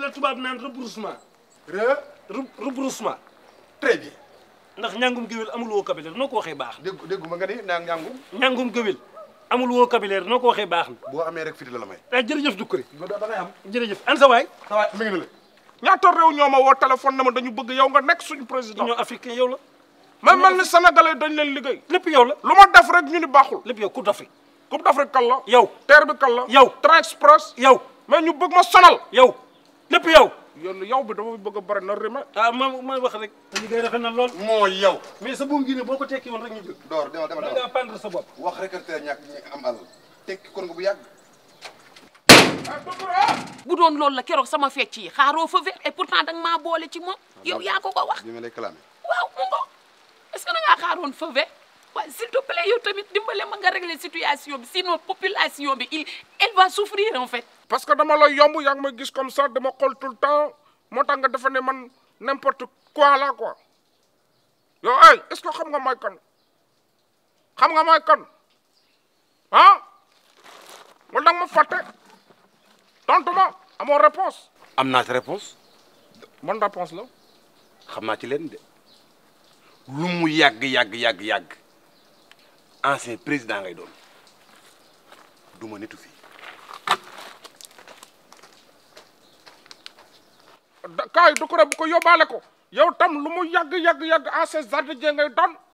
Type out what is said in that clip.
la tubab nan rebroussement. re. rebroussement. très bien. ndax ñàngum géwél amul woo capillaire noo ko waxee baax na. dégguma nga ni naa ñàngum. ñàngum géwél amul woo capillaire noo ko waxee baax na. rek fii la la may. ah jërëjëf Doucouré. da ngay am jërëjëf an sa sa mi ngi la. téléphone na ma dañu bëgg yow nga suñu président. yow la. sénégalais dañ leen liggéey. terre bi kan la. train express. yow mais ñu bëgg ma sonal. yow lépp yow. yow yow bi dafa bëgg a bare na rima. ah ma wax rek. te na lool. moo yow. mais sa buum gi ne boo ko tekki woon rek ñu jóg. door demal demal nga pendre sa bopp. wax rek te ñàkk ñu am alal kon nga bu yàgg. doon loolu la keroog sama fecc yi xaaroo fa ver et pourtant danga maa boole ci moom. Ah, yow yaa ko wax. bi ma lay waaw mu ngoog est que da ngaa xaaroon fa ver waaw s'il te plaît tamit dimbale ma nga régler situation bi sinon population bi il elle va souffrir parce que dama la yomb yaa ngi may gis comme ça dama xol tout temps motax nga dafa ne man n'importe quoi la quoi yo ay est-ce que xam nga may kan xam nga may kan hein mo dang ma faté tontu ma amo réponse amna ta réponse mon réponse la xam naa ci len de lu mu yag yag yag yag ancien président ngay doon duma ma nitu fii kaay du ko bu ko yóbbaale ko yow tam lu mu yàgg yàgg yàgg ancien jardin ngay doon